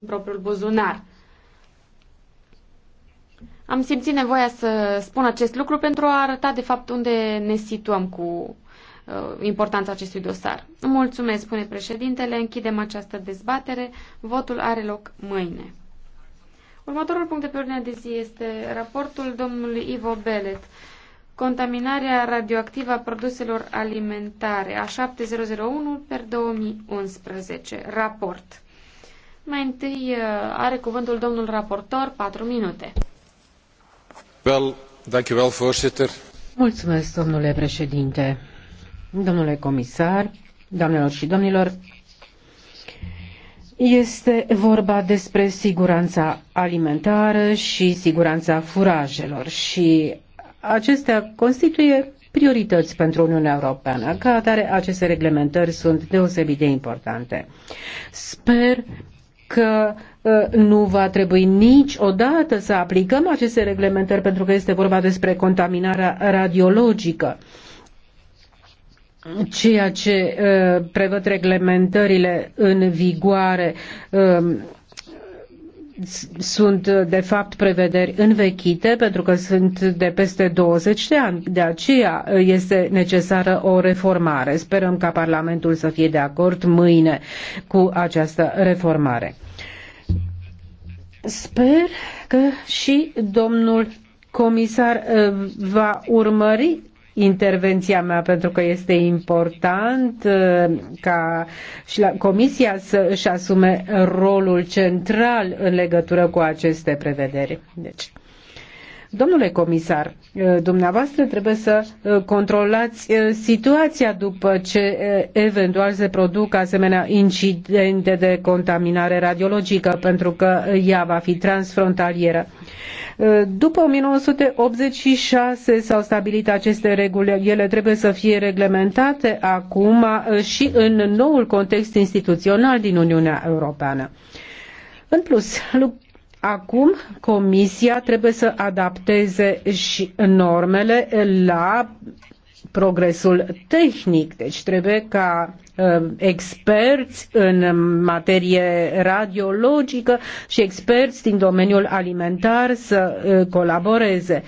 în propriul buzunar. Am simțit nevoia să spun acest lucru pentru a arăta de fapt unde ne situăm cu uh, importanța acestui dosar. Mulțumesc, spune președintele, închidem această dezbatere, votul are loc mâine. Următorul punct de pe ordinea de zi este raportul domnului Ivo Belet. Contaminarea radioactivă a produselor alimentare a 7001 per 2011. Raport. Mai întâi uh, are cuvântul domnul raportor, patru minute. Well, thank you well, voorzitter. Mulțumesc, domnule președinte, domnule comisar, doamnelor și domnilor. Este vorba despre siguranța alimentară și siguranța furajelor și acestea constituie priorități pentru Uniunea Europeană. Ca atare, aceste reglementări sunt deosebit de importante. Sper că ă, nu va trebui niciodată să aplicăm aceste reglementări pentru că este vorba despre contaminarea radiologică ceea ce ă, prevăd reglementările în vigoare ă, sunt de fapt prevederi învechite pentru că sunt de peste 20 de ani. De aceea este necesară o reformare. Sperăm ca Parlamentul să fie de acord mâine cu această reformare. Sper că și domnul comisar uh, va urmări intervenția mea pentru că este important uh, ca și la Comisia să își asume rolul central în legătură cu aceste prevederi. Deci, Domnule comisar, uh, dumneavoastră trebuie să uh, controlați uh, situația după ce eventual se produc asemenea incidente de contaminare radiologică, pentru că ea va fi transfrontalieră. După 1986 s-au stabilit aceste reguli, ele trebuie să fie reglementate acum și în noul context instituțional din Uniunea Europeană. În plus, Acum Comisia trebuie să adapteze și normele la progresul tehnic. Deci trebuie ca um, experți în materie radiologică și experți din domeniul alimentar să uh, colaboreze.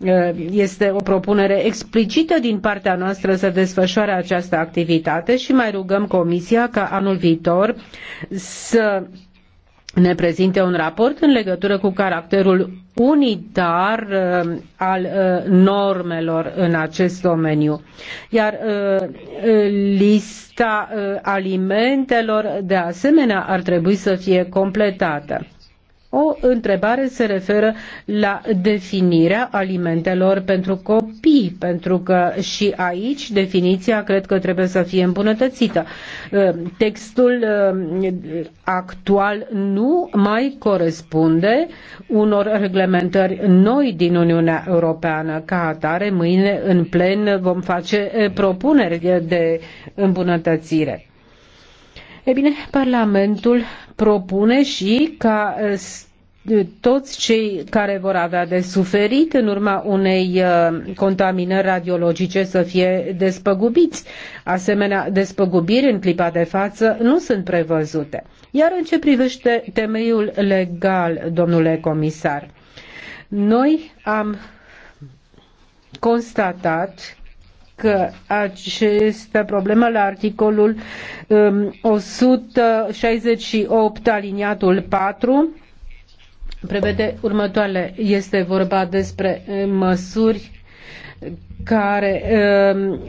Uh, este o propunere explicită din partea noastră să desfășoare această activitate și mai rugăm Comisia ca anul viitor să ne prezinte un raport în legătură cu caracterul unitar uh, al uh, normelor în acest domeniu. Iar uh, lista alimentelor de asemenea ar trebui să fie completată. O întrebare se referă la definirea alimentelor pentru copii, pentru că și aici definiția cred că trebuie să fie îmbunătățită. Uh, textul uh, actual nu mai corespunde unor reglementări noi din Uniunea Europeană. Ca atare, mâine în plen vom face uh, propuneri de îmbunătățire. E bine, Parlamentul propune și ca eh, toți cei care vor avea de suferit în urma unei eh, contaminări radiologice să fie despăgubiți. Asemenea, despăgubiri în clipa de față nu sunt prevăzute. Iar în ce privește temeiul legal, domnule comisar, noi am constatat că aceste problemă la articolul 168 um, aliniatul 4 prevede următoarele. Este vorba despre uh, măsuri care um,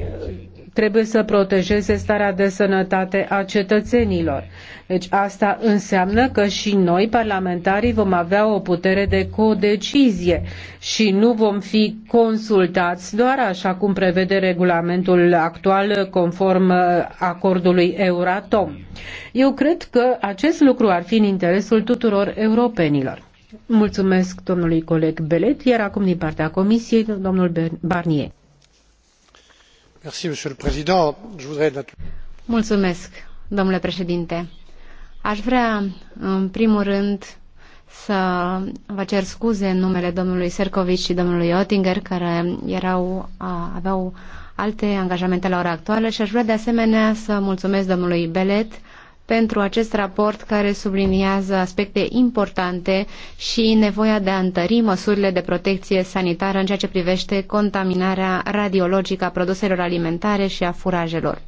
trebuie să protejeze starea de sănătate a cetățenilor. Deci asta înseamnă că și noi, parlamentarii, vom avea o putere de codecizie și nu vom fi consultați doar așa cum prevede regulamentul actual conform uh, acordului Euratom. Eu cred că acest lucru ar fi în interesul tuturor europenilor. Mulțumesc domnului coleg Belet, iar acum din partea Comisiei, domnul Barnier. Mulțumesc, domnule președinte. Aș vrea, în primul rând, să vă cer scuze în numele domnului Sercovici și domnului Oettinger, care erau, aveau alte angajamente la ora actuală și aș vrea de asemenea să mulțumesc domnului Belet pentru acest raport care subliniază aspecte importante și nevoia de a întări măsurile de protecție sanitară în ceea ce privește contaminarea radiologică a produselor alimentare și a furajelor.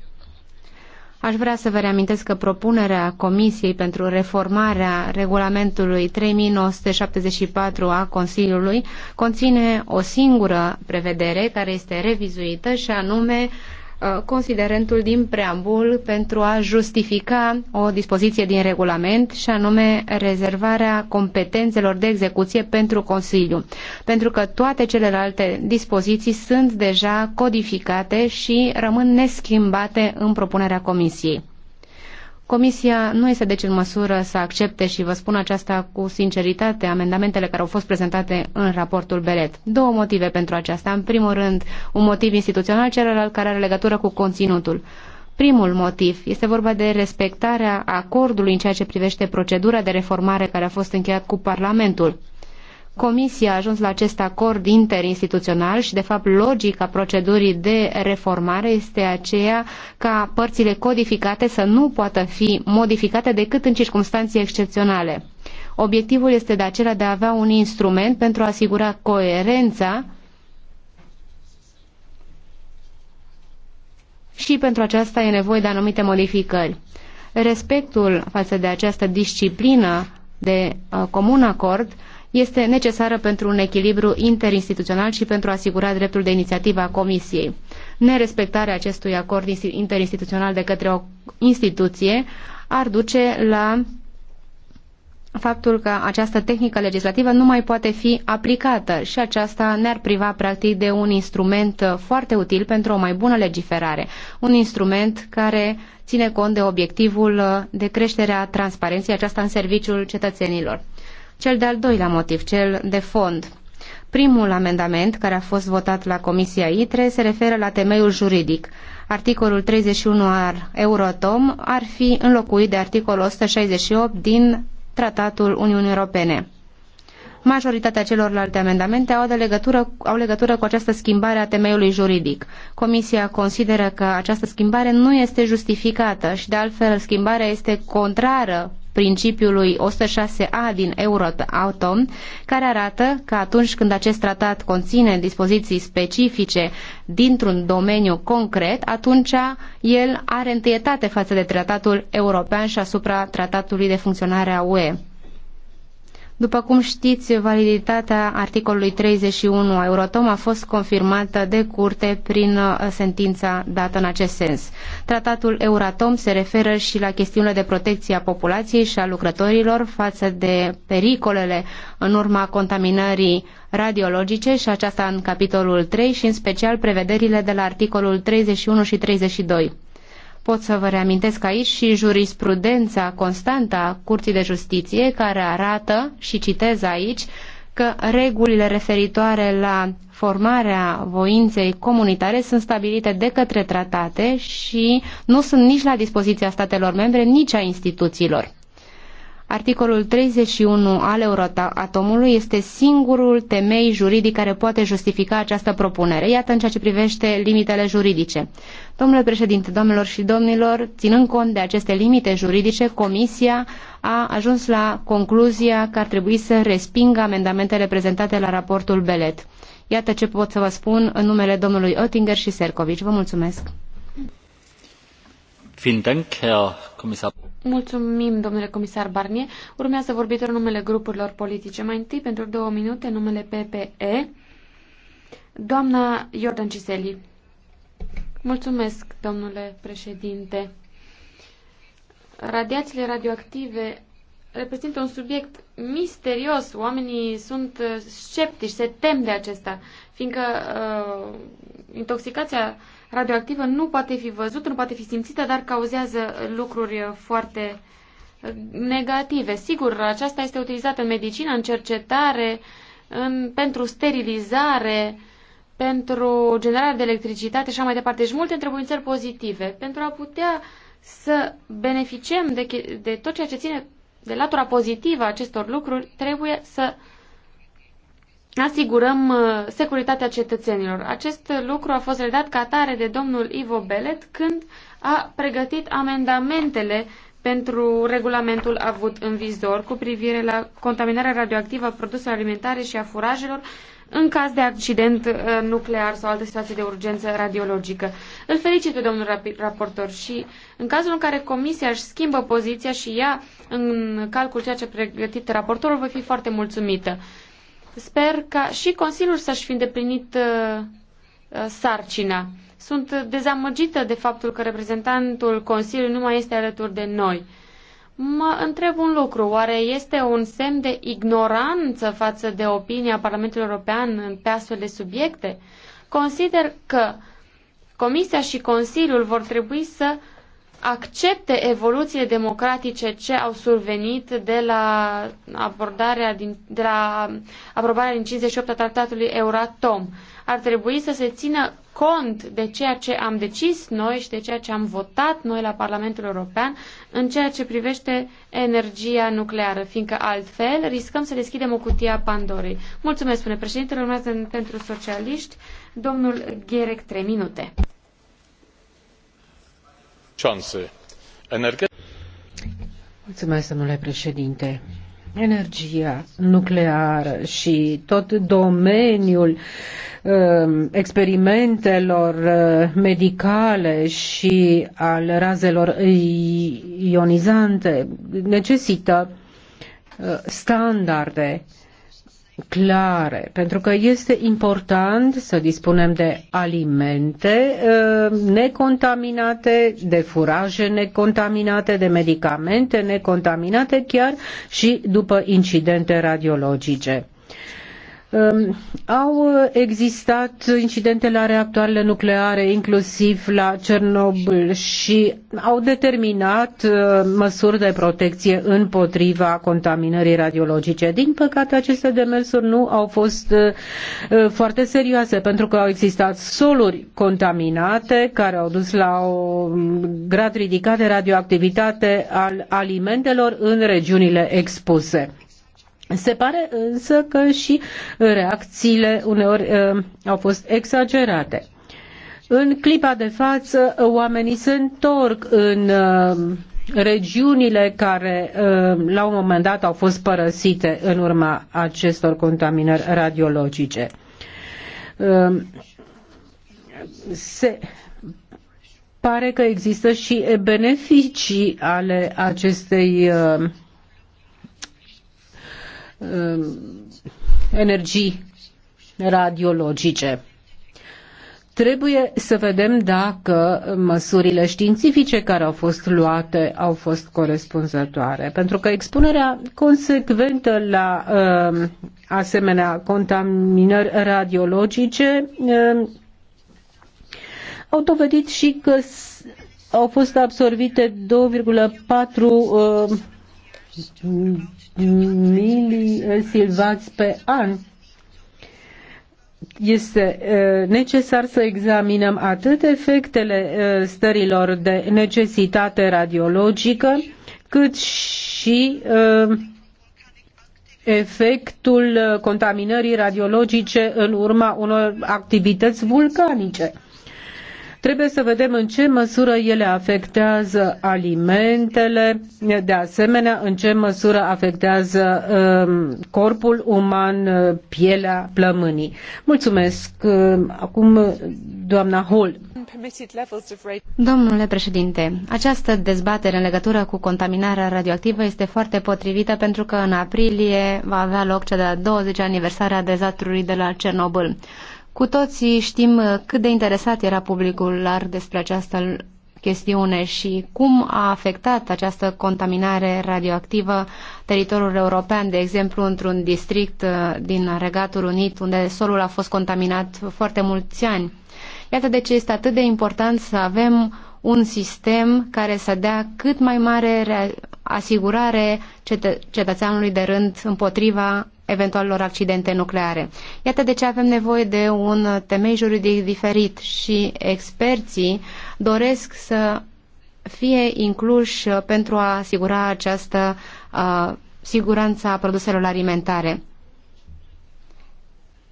Aș vrea să vă reamintesc că propunerea Comisiei pentru reformarea regulamentului 3974 a Consiliului conține o singură prevedere care este revizuită și anume Uh, considerentul din preambul pentru a justifica o dispoziție din regulament și anume rezervarea competențelor de execuție pentru Consiliu, pentru că toate celelalte dispoziții sunt deja codificate și rămân neschimbate în propunerea Comisiei. Comisia nu este deci în măsură să accepte și vă spun aceasta cu sinceritate amendamentele care au fost prezentate în raportul Beret. Două motive pentru aceasta. În primul rând, un motiv instituțional, celălalt care are legătură cu conținutul. Primul motiv este vorba de respectarea acordului în ceea ce privește procedura de reformare care a fost încheiat cu Parlamentul. Comisia a ajuns la acest acord interinstituțional și, de fapt, logica procedurii de reformare este aceea ca părțile codificate să nu poată fi modificate decât în circunstanțe excepționale. Obiectivul este de acela de a avea un instrument pentru a asigura coerența și pentru aceasta e nevoie de anumite modificări. Respectul față de această disciplină de uh, comun acord uh, este necesară pentru un echilibru interinstituțional și pentru a asigura dreptul de inițiativă a Comisiei. Nerespectarea acestui acord interinstituțional de către o instituție ar duce la faptul că această tehnică legislativă nu mai poate fi aplicată și aceasta ne-ar priva practic de un instrument foarte util pentru o mai bună legiferare, un instrument care ține cont de obiectivul de creșterea transparenței, aceasta în serviciul cetățenilor. Cel de-al doilea motiv, cel de fond. Primul amendament care a fost votat la Comisia ITRE se referă la temeiul juridic. Articolul 31 ar Eurotom ar fi înlocuit de articolul 168 din Tratatul Uniunii Europene. Majoritatea celorlalte amendamente au, de legătură, au legătură cu această schimbare a temeiului juridic. Comisia consideră că această schimbare nu este justificată și, de altfel, schimbarea este contrară principiului 106A din Euratom, care arată că atunci când acest tratat conține dispoziții specifice dintr-un domeniu concret, atunci el are întâietate față de tratatul european și asupra tratatului de funcționare a UE. După cum știți, validitatea articolului 31 a Euratom a fost confirmată de curte prin uh, sentința dată în acest sens. Tratatul Euratom se referă și la chestiunile de protecție a populației și a lucrătorilor față de pericolele în urma contaminării radiologice și aceasta în capitolul 3 și în special prevederile de la articolul 31 și 32. Pot să vă reamintesc aici și jurisprudența constantă a Curții de Justiție, care arată, și citez aici, că regulile referitoare la formarea voinței comunitare sunt stabilite de către tratate și nu sunt nici la dispoziția statelor membre, nici a instituțiilor. Articolul 31 al Euroatomului este singurul temei juridic care poate justifica această propunere. Iată în ceea ce privește limitele juridice. Domnule președinte, domnilor și domnilor, ținând cont de aceste limite juridice, Comisia a ajuns la concluzia că ar trebui să respingă amendamentele prezentate la raportul Belet. Iată ce pot să vă spun în numele domnului Oettinger și Sercovici. Vă mulțumesc! Vielen Dank, Herr Kommissar. Mulțumim, domnule comisar Barnier. Urmează vorbitorul numele grupurilor politice. Mai întâi, pentru două minute, numele PPE. Doamna Iordan Ciseli. Mulțumesc, domnule președinte. Radiațiile radioactive reprezintă un subiect misterios. Oamenii sunt uh, sceptici, se tem de acesta, fiindcă uh, intoxicația uh, radioactivă nu poate fi văzută, nu poate fi simțită, dar cauzează lucruri foarte negative. Sigur, aceasta este utilizată în medicină, în cercetare, în, pentru sterilizare, pentru generarea de electricitate și așa mai departe. Și deci multe întrebări pozitive pentru a putea să beneficiem de, de tot ceea ce ține de latura pozitivă a acestor lucruri, trebuie să asigurăm uh, securitatea cetățenilor. Acest lucru a fost redat ca atare de domnul Ivo Belet când a pregătit amendamentele pentru regulamentul avut în vizor cu privire la contaminarea radioactivă a produselor alimentare și a furajelor în caz de accident uh, nuclear sau alte situații de urgență radiologică. Îl felicit pe domnul raportor și în cazul în care comisia își schimbă poziția și ia în calcul ceea ce a pregătit raportorul, voi fi foarte mulțumită. Sper ca și Consiliul să-și fi îndeplinit uh, uh, sarcina. Sunt dezamăgită de faptul că reprezentantul Consiliului nu mai este alături de noi. Mă întreb un lucru, oare este un semn de ignoranță față de opinia Parlamentului European pe astfel de subiecte? Consider că Comisia și Consiliul vor trebui să accepte evoluțiile democratice ce au survenit de la, abordarea din, de la aprobarea din 58 a tratatului Euratom. Ar trebui să se țină cont de ceea ce am decis noi și de ceea ce am votat noi la Parlamentul European în ceea ce privește energia nucleară, fiindcă altfel riscăm să deschidem o cutie a Pandorei. Mulțumesc, spune președintele, urmează pentru socialiști, domnul Gherec, 3 minute energia nucleară și tot domeniul um, experimentelor uh, medicale și al razelor ionizante necesită uh, standarde clare, pentru că este important să dispunem de alimente uh, necontaminate, de furaje necontaminate, de medicamente necontaminate, chiar și după incidente radiologice. Ehm, au uh, existat incidente la reactoarele nucleare, inclusiv la Cernobâl, și au determinat uh, măsuri de protecție împotriva contaminării radiologice. Din păcate, aceste demersuri nu au fost uh, foarte serioase, pentru că au existat soluri contaminate care au dus la un um, grad ridicat de radioactivitate al alimentelor în regiunile expuse. Se pare însă că și reacțiile uneori uh, au fost exagerate. În clipa de față, oamenii se întorc în uh, regiunile care uh, la un moment dat au fost părăsite în urma acestor contaminări radiologice. Se pare că există și beneficii ale acestei Um, energii radiologice. Trebuie să vedem dacă măsurile științifice care au fost luate au fost corespunzătoare, pentru că expunerea consecventă la uh, asemenea contaminări radiologice uh, au dovedit și că au fost absorbite 2,4 uh, milii silvați pe an. Este necesar să examinăm atât efectele stărilor de necesitate radiologică, cât și efectul contaminării radiologice în urma unor activități vulcanice. Trebuie să vedem în ce măsură ele afectează alimentele, de asemenea în ce măsură afectează um, corpul uman, uh, pielea plămânii. Mulțumesc. Uh, acum doamna Hall. Domnule președinte, această dezbatere în legătură cu contaminarea radioactivă este foarte potrivită pentru că în aprilie va avea loc cea de-a 20 aniversare a dezastrului de la Cernobâl. Cu toții știm uh, cât de interesat era publicul lar despre această chestiune și cum a afectat această contaminare radioactivă teritoriul european, de exemplu, într-un district uh, din Regatul Unit, unde solul a fost contaminat foarte mulți ani. Iată de ce este atât de important să avem un sistem care să dea cât mai mare asigurare cetățeanului de rând împotriva eventualelor accidente nucleare. Iată de ce avem nevoie de un temei juridic diferit și experții doresc să fie incluși pentru a asigura această uh, siguranță a produselor alimentare.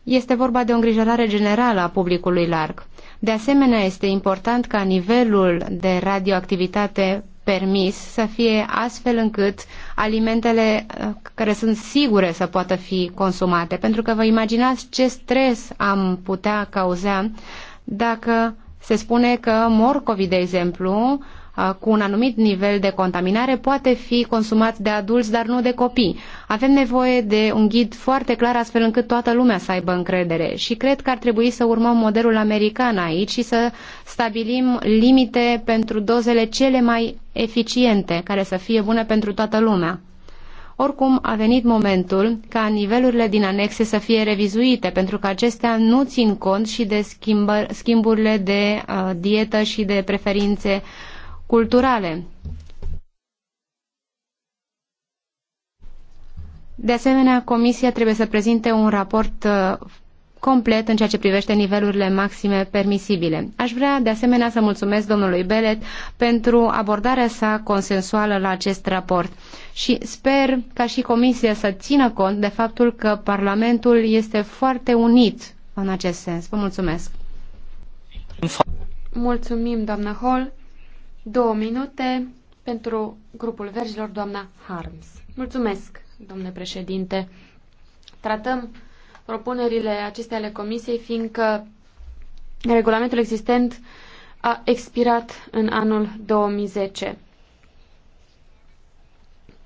Este vorba de o îngrijorare generală a publicului larg. De asemenea, este important ca nivelul de radioactivitate permis să fie astfel încât alimentele uh, care sunt sigure să poată fi consumate. Pentru că vă imaginați ce stres am putea cauza dacă se spune că morcovii, de exemplu, cu un anumit nivel de contaminare poate fi consumat de adulți, dar nu de copii. Avem nevoie de un ghid foarte clar astfel încât toată lumea să aibă încredere și cred că ar trebui să urmăm modelul american aici și să stabilim limite pentru dozele cele mai eficiente, care să fie bune pentru toată lumea. Oricum, a venit momentul ca nivelurile din anexe să fie revizuite, pentru că acestea nu țin cont și de schimbă, schimburile de uh, dietă și de preferințe uh, culturale. De asemenea, Comisia trebuie să prezinte un raport uh, complet în ceea ce privește nivelurile maxime permisibile. Aș vrea de asemenea să mulțumesc domnului Belet pentru abordarea sa consensuală la acest raport și sper ca și Comisia să țină cont de faptul că Parlamentul este foarte unit în acest sens. Vă mulțumesc! Mulțumim, doamnă Hall. Două minute pentru grupul verzilor, doamna Harms. Mulțumesc, domnule președinte. Tratăm propunerile acestea ale comisiei, fiindcă regulamentul existent a expirat în anul 2010.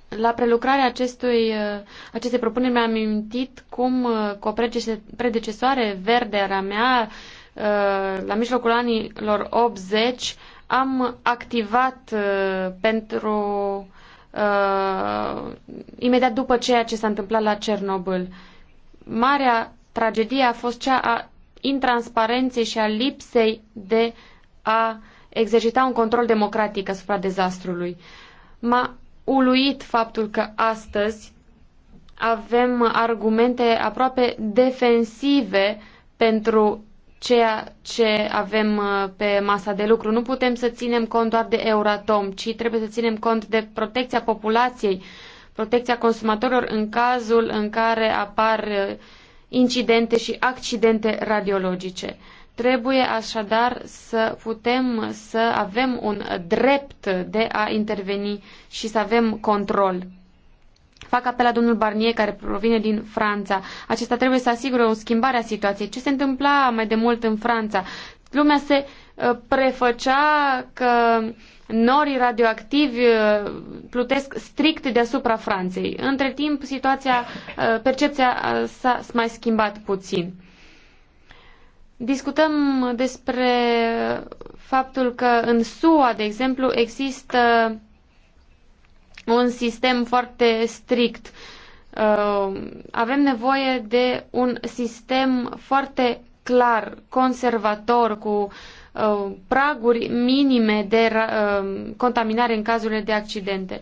La prelucrarea acestui, acestei propuneri mi-am amintit cum uh, cu o predecesoare verde a mea uh, la mijlocul anilor 80 am activat uh, pentru uh, imediat după ceea ce s-a întâmplat la Cernobâl. Marea tragedie a fost cea a intransparenței și a lipsei de a exercita un control democratic asupra dezastrului. M-a uluit faptul că astăzi avem argumente aproape defensive pentru ceea ce avem uh, pe masa de lucru. Nu putem să ținem cont doar de Euratom, ci trebuie să ținem cont de protecția populației, protecția consumatorilor în cazul în care apar uh, incidente și accidente radiologice. Trebuie așadar să putem să avem un drept de a interveni și să avem control. Fac apel la domnul Barnier, care provine din Franța. Acesta trebuie să asigure o schimbare a situației. Ce se întâmpla mai de mult în Franța? Lumea se uh, prefăcea că norii radioactivi uh, plutesc strict deasupra Franței. Între timp, situația, uh, percepția s-a mai schimbat puțin. Discutăm despre faptul că în SUA, de exemplu, există un sistem foarte strict. Uh, avem nevoie de un sistem foarte clar, conservator, cu uh, praguri minime de uh, contaminare în cazurile de accidente.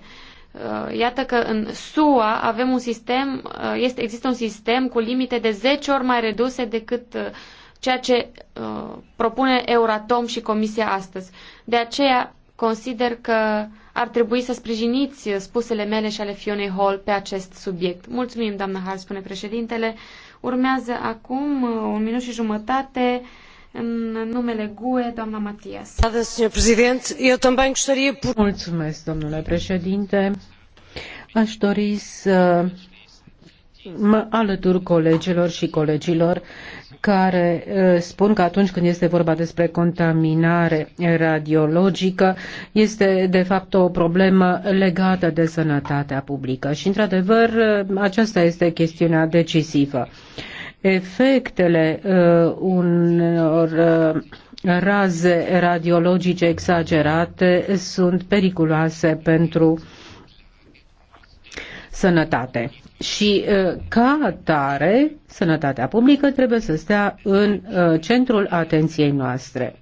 Iată că în SUA avem un sistem, este, există un sistem cu limite de 10 ori mai reduse decât ceea ce propune Euratom și Comisia astăzi. De aceea Consider că ar trebui să sprijiniți spusele mele și ale Fionei Hall pe acest subiect. Mulțumim, doamnă Hall, spune președintele. Urmează acum uh, un minut și jumătate în numele GUE, doamna Matias. Mulțumesc, domnule președinte. Aș dori să mă alătur colegilor și colegilor care uh, spun că atunci când este vorba despre contaminare radiologică, este de fapt o problemă legată de sănătatea publică. Și, într-adevăr, uh, aceasta este chestiunea decisivă. Efectele uh, unor uh, raze radiologice exagerate sunt periculoase pentru sănătate. Și uh, ca atare, sănătatea publică trebuie să stea în uh, centrul atenției noastre.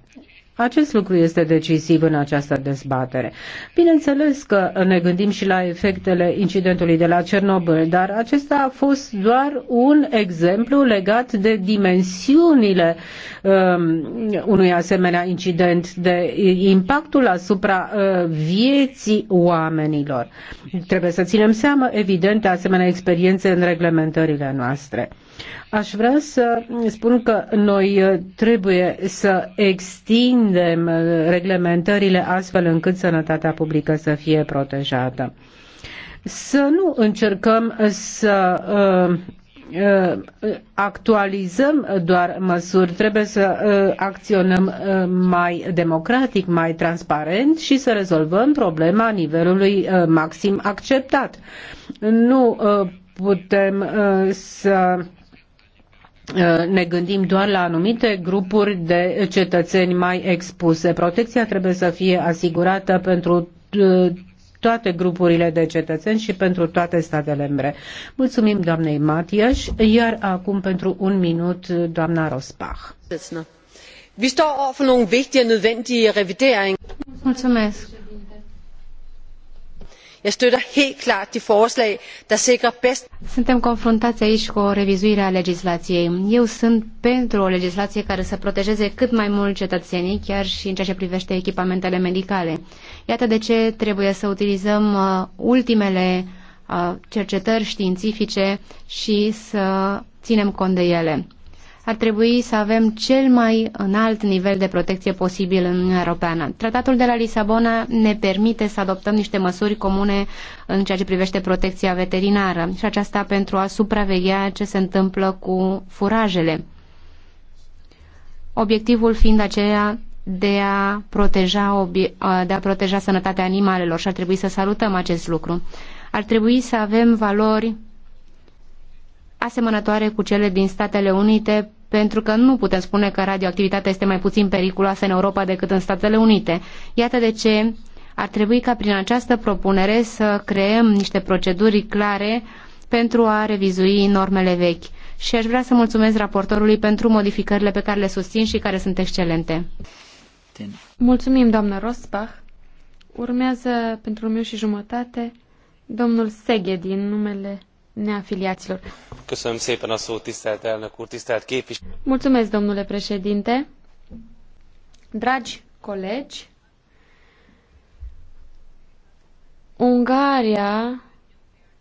Acest lucru este decisiv în această dezbatere. Bineînțeles că ne gândim și la efectele incidentului de la Cernobâl, dar acesta a fost doar un exemplu legat de dimensiunile um, unui asemenea incident, de impactul asupra uh, vieții oamenilor. Trebuie să ținem seama, evident, de asemenea experiențe în reglementările noastre. Aș vrea să spun că noi uh, trebuie să extindem extindem uh, reglementările astfel încât sănătatea publică să fie protejată. Să nu încercăm să uh, uh actualizăm doar măsuri, trebuie să uh, acționăm mai democratic, mai transparent și să rezolvăm problema nivelului maxim acceptat. Nu putem să Uh, ne gândim doar la anumite grupuri de cetățeni mai expuse. Protecția trebuie să fie asigurată pentru uh, toate grupurile de cetățeni și pentru toate statele membre. Mulțumim doamnei Matias. iar acum pentru un minut uh, doamna Rospach. Mulțumesc jeg støtter helt klart de forslag der sikrer bedst Suntem confruntați aici cu o revizuire a legislației. Eu sunt pentru o legislație care să protejeze cât mai mult cetățenii, chiar și în ceea ce privește echipamentele medicale. Iată de ce trebuie să utilizăm uh, ultimele uh, cercetări științifice și să ținem cont de ele ar trebui să avem cel mai înalt nivel de protecție posibil în Uniunea Europeană. Tratatul de la Lisabona ne permite să adoptăm niște măsuri comune în ceea ce privește protecția veterinară și aceasta pentru a supraveghea ce se întâmplă cu furajele. Obiectivul fiind aceea de a proteja, de a proteja sănătatea animalelor și ar trebui să salutăm acest lucru. Ar trebui să avem valori asemănătoare cu cele din Statele Unite pentru că nu putem spune că radioactivitatea este mai puțin periculoasă în Europa decât în Statele Unite. Iată de ce ar trebui ca prin această propunere să creăm niște proceduri clare pentru a revizui normele vechi. Și aș vrea să mulțumesc raportorului pentru modificările pe care le susțin și care sunt excelente. Mulțumim, doamnă Rosbach. Urmează pentru meu și jumătate domnul Seghe din numele neafiliaților. Köszönöm szépen a szót, tisztelt elnök úr, tisztelt képviselő. Mulțumesc, domnule președinte. Dragi colegi, Ungaria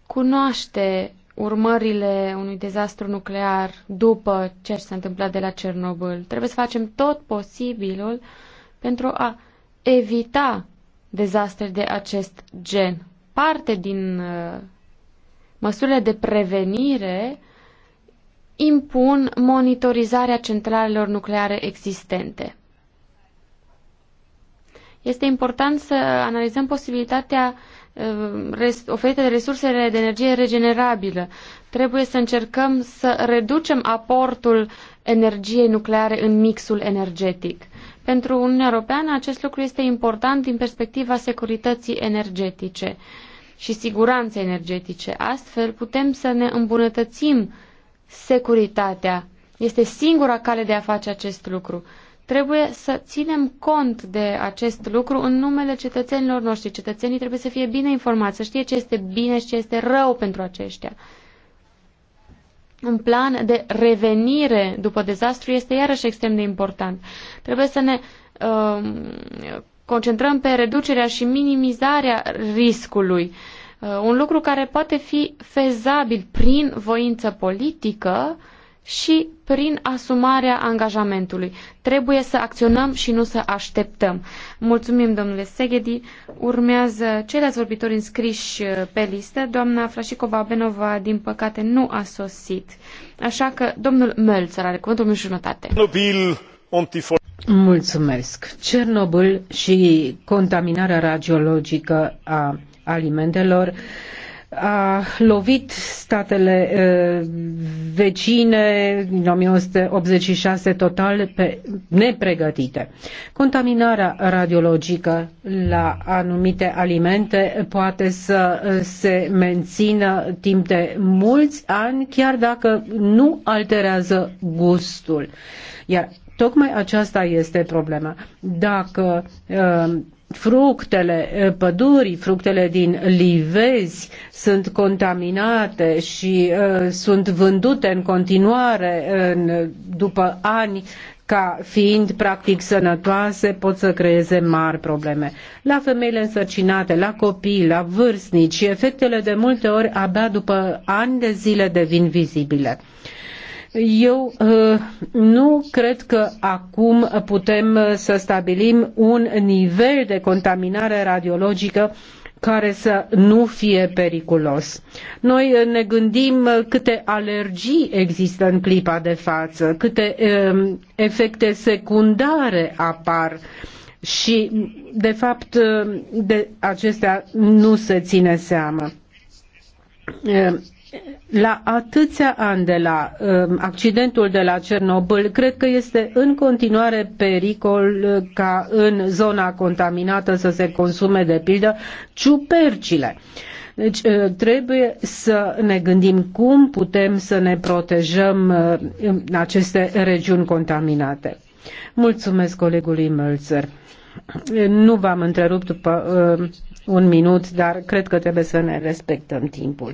cunoaște urmările unui dezastru nuclear după ce s-a întâmplat de la Cernobâl. Trebuie să facem tot posibilul pentru a evita dezastre de acest gen. Parte din uh, Măsurile de prevenire impun monitorizarea centralelor nucleare existente. Este important să analizăm posibilitatea uh, oferită de resursele de energie regenerabilă. Trebuie să încercăm să reducem aportul energiei nucleare în mixul energetic. Pentru Uniunea Europeană acest lucru este important din perspectiva securității energetice și siguranțe energetice. Astfel putem să ne îmbunătățim securitatea. Este singura cale de a face acest lucru. Trebuie să ținem cont de acest lucru în numele cetățenilor noștri. Cetățenii trebuie să fie bine informați, să știe ce este bine și ce este rău pentru aceștia. Un plan de revenire după dezastru este iarăși extrem de important. Trebuie să ne uh, concentrăm pe reducerea și minimizarea riscului, uh, un lucru care poate fi fezabil prin voință politică și prin asumarea angajamentului. Trebuie să acționăm și nu să așteptăm. Mulțumim, domnule Seghedi. Urmează ceilalți vorbitori înscriși uh, pe listă. Doamna Flașicova Babenova, din păcate, nu a sosit. Așa că domnul Mölțăr are cuvântul în jumătate. Nobil, Mulțumesc. Cernobâl și contaminarea radiologică a alimentelor a lovit statele vecine în 1986 total pe nepregătite. Contaminarea radiologică la anumite alimente poate să se mențină timp de mulți ani, chiar dacă nu alterează gustul. Iar Tocmai aceasta este problema. Dacă uh, fructele uh, pădurii, fructele din livezi sunt contaminate și uh, sunt vândute în continuare în, după ani ca fiind practic sănătoase, pot să creeze mari probleme. La femeile însărcinate, la copii, la vârstnici, efectele de multe ori abia după ani de zile devin vizibile. Uh, eu uh, nu cred că acum putem uh, să stabilim un nivel de contaminare radiologică care să nu fie periculos. Noi uh, ne gândim câte alergii există în clipa de față, câte um, efecte secundare apar și, de fapt, de acestea nu se ține seamă la atâția ani de la uh, accidentul de la Cernobâl, cred că este în continuare pericol uh, ca în zona contaminată să se consume, de pildă, ciupercile. Deci uh, trebuie să ne gândim cum putem să ne protejăm uh, în aceste regiuni contaminate. Mulțumesc colegului Mălțăr. Nu v-am întrerupt după uh, un minut, dar cred că trebuie să ne respectăm timpul.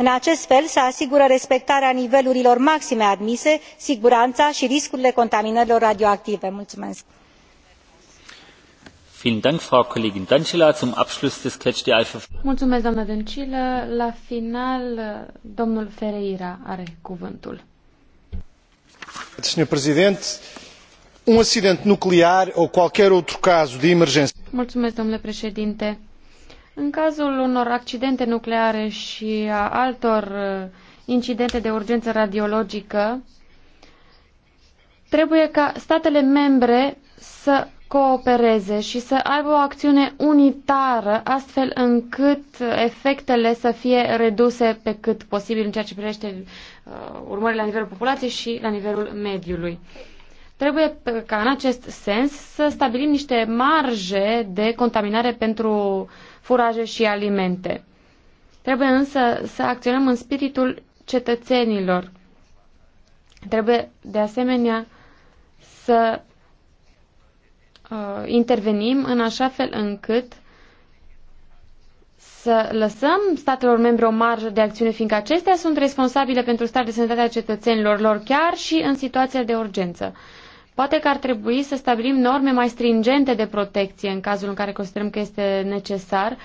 în acest fel se asigură respectarea nivelurilor maxime admise sigurana i riscurile contaminărilor radioactive. Mulțumesc, La final, domnul Ferreira are cuvântul. Um nuclear de Mulțumesc, domnule președinte în cazul unor accidente nucleare și a altor uh, incidente de urgență radiologică, trebuie ca statele membre să coopereze și să aibă o acțiune unitară, astfel încât efectele să fie reduse pe cât posibil în ceea ce privește uh, urmările la nivelul populației și la nivelul mediului. Trebuie uh, ca în acest sens să stabilim niște marje de contaminare pentru uh, furaje și alimente. Trebuie însă să acționăm în spiritul cetățenilor. Trebuie de asemenea să uh, intervenim în așa fel încât să lăsăm statelor membre o marjă de acțiune, fiindcă acestea sunt responsabile pentru starea de sănătate a cetățenilor lor, chiar și în situația de urgență. Poate că ar trebui să stabilim norme mai stringente de protecție în cazul în care considerăm că este necesar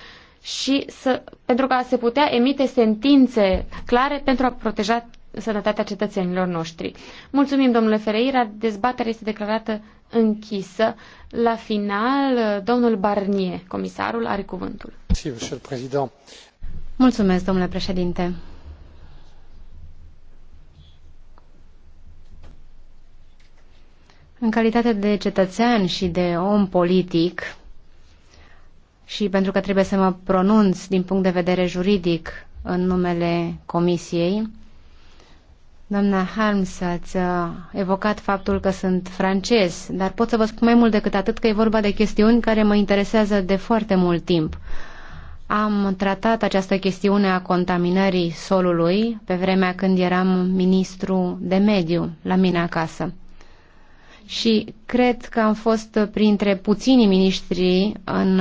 și să, pentru că se putea emite sentințe clare pentru a proteja sănătatea cetățenilor noștri. Mulțumim, domnule Fereira. Dezbaterea este declarată închisă. La final, domnul Barnier, comisarul, are cuvântul. Mulțumesc, domnule președinte. În calitate de cetățean și de om politic, și pentru că trebuie să mă pronunț din punct de vedere juridic în numele Comisiei, Doamna Harms, ați uh, evocat faptul că sunt francez, dar pot să vă spun mai mult decât atât că e vorba de chestiuni care mă interesează de foarte mult timp. Am tratat această chestiune a contaminării solului pe vremea când eram ministru de mediu la mine acasă și cred că am fost printre puținii miniștri în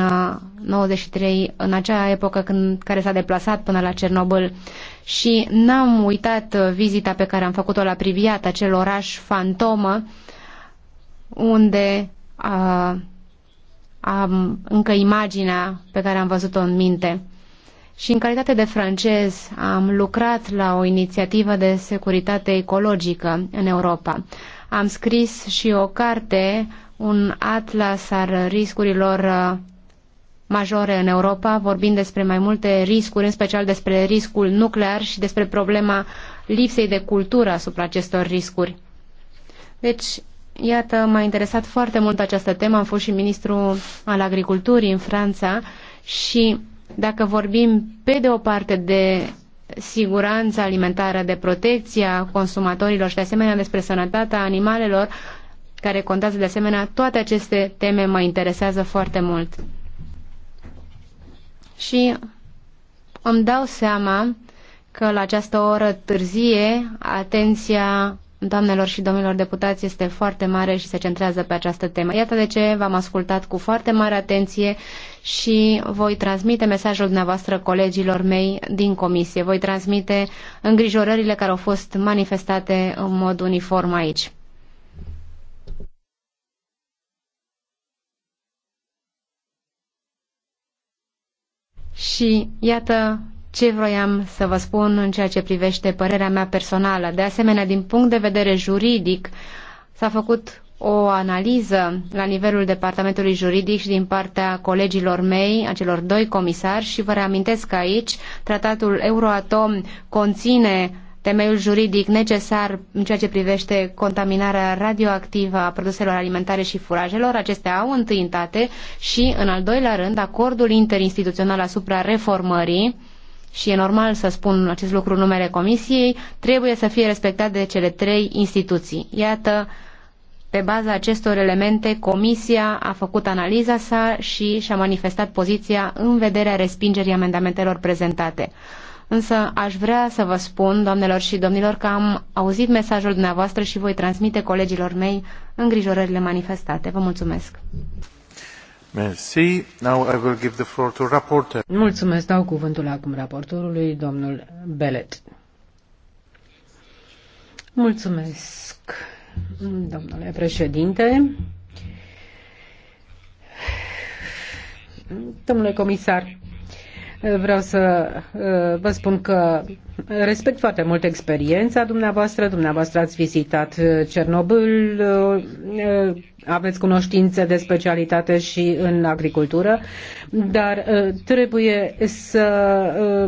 93, uh, în acea epocă când, care s-a deplasat până la Cernobâl și n-am uitat vizita pe care am făcut-o la Priviat, acel oraș fantomă, unde a, uh, am încă imaginea pe care am văzut-o în minte. Și în calitate de francez am lucrat la o inițiativă de securitate ecologică în Europa. Am scris și o carte, un atlas al riscurilor uh, majore în Europa, vorbind despre mai multe riscuri, în special despre riscul nuclear și despre problema lipsei de cultură asupra acestor riscuri. Deci, iată, m-a interesat foarte mult această temă. Am fost și ministru al agriculturii în Franța și dacă vorbim pe de o parte de siguranța alimentară, de protecția consumatorilor și de asemenea despre sănătatea animalelor, care contează de asemenea, toate aceste teme mă interesează foarte mult. Și îmi dau seama că la această oră târzie atenția doamnelor și domnilor deputați este foarte mare și se centrează pe această temă. Iată de ce v-am ascultat cu foarte mare atenție și voi transmite mesajul dumneavoastră colegilor mei din comisie. Voi transmite îngrijorările care au fost manifestate în mod uniform aici. Și iată ce vroiam să vă spun în ceea ce privește părerea mea personală. De asemenea, din punct de vedere juridic, s-a făcut o analiză la nivelul departamentului juridic și din partea colegilor mei, acelor doi comisari și vă reamintesc că aici tratatul Euroatom conține temeiul juridic necesar în ceea ce privește contaminarea radioactivă a produselor alimentare și furajelor. Acestea au întâientate și, în al doilea rând, acordul interinstituțional asupra reformării și e normal să spun acest lucru în numele Comisiei, trebuie să fie respectat de cele trei instituții. Iată, pe baza acestor elemente, Comisia a făcut analiza sa și și-a manifestat poziția în vederea respingerii amendamentelor prezentate. Însă aș vrea să vă spun, doamnelor și domnilor, că am auzit mesajul dumneavoastră și voi transmite colegilor mei îngrijorările manifestate. Vă mulțumesc! Merci. Now I will give the floor to Mulțumesc. Dau cuvântul acum raportorului, domnul Belet. Mulțumesc, domnule președinte. Domnule comisar, vreau să uh, vă spun că respect foarte mult experiența dumneavoastră. Dumneavoastră ați vizitat uh, Cernobâl, uh, aveți cunoștințe de specialitate și în agricultură, dar uh, trebuie să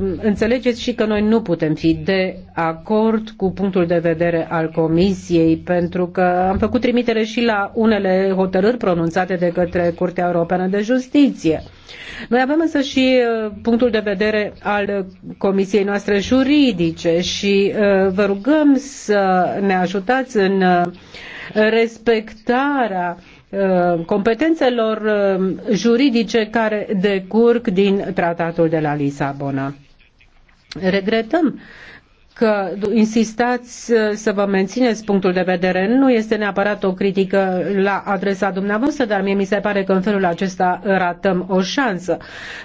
um, înțelegeți și că noi nu putem fi de acord cu punctul de vedere al Comisiei, pentru că am făcut trimitere și la unele hotărâri pronunțate de către Curtea Europeană de Justiție. Noi avem însă și uh, punctul de vedere al Comisiei noastre juridice și uh, vă rugăm să ne ajutați în respectarea uh, competențelor uh, juridice care decurg din tratatul de la Lisabona. Regretăm că insistați uh, să vă mențineți punctul de vedere. Nu este neapărat o critică la adresa dumneavoastră, dar mie mi se pare că în felul acesta ratăm o șansă.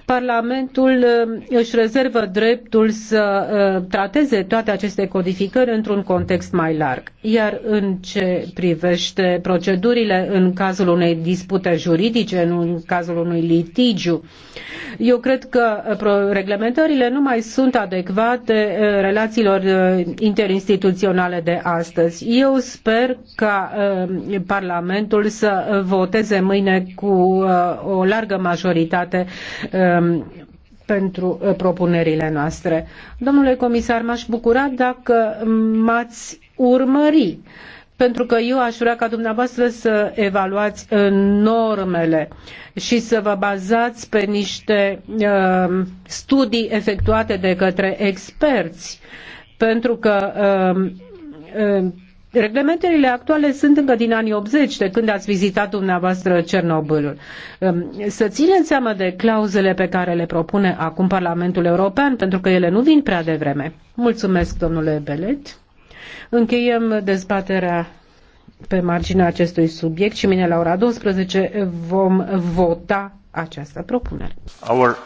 Parlamentul uh, își rezervă dreptul să uh, trateze toate aceste codificări într-un context mai larg. Iar în ce privește procedurile în cazul unei dispute juridice, în cazul unui litigiu, eu cred că reglementările nu mai sunt adecvate relațiilor Uh, interinstituționale de astăzi. Eu sper ca uh, Parlamentul să voteze mâine cu uh, o largă majoritate um, pentru propunerile noastre. Domnule comisar, m-aș bucura dacă m-ați urmări, pentru că eu aș vrea ca dumneavoastră să evaluați normele și să vă bazați pe niște uh, studii efectuate de către experți pentru că um, um, Reglementările actuale sunt încă din anii 80, de când ați vizitat dumneavoastră Cernobâlul. Um, să țineți seama de clauzele pe care le propune acum Parlamentul European, pentru că ele nu vin prea devreme. Mulțumesc, domnule Belet. Încheiem dezbaterea pe marginea acestui subiect și mine la ora 12 vom vota această propunere. Our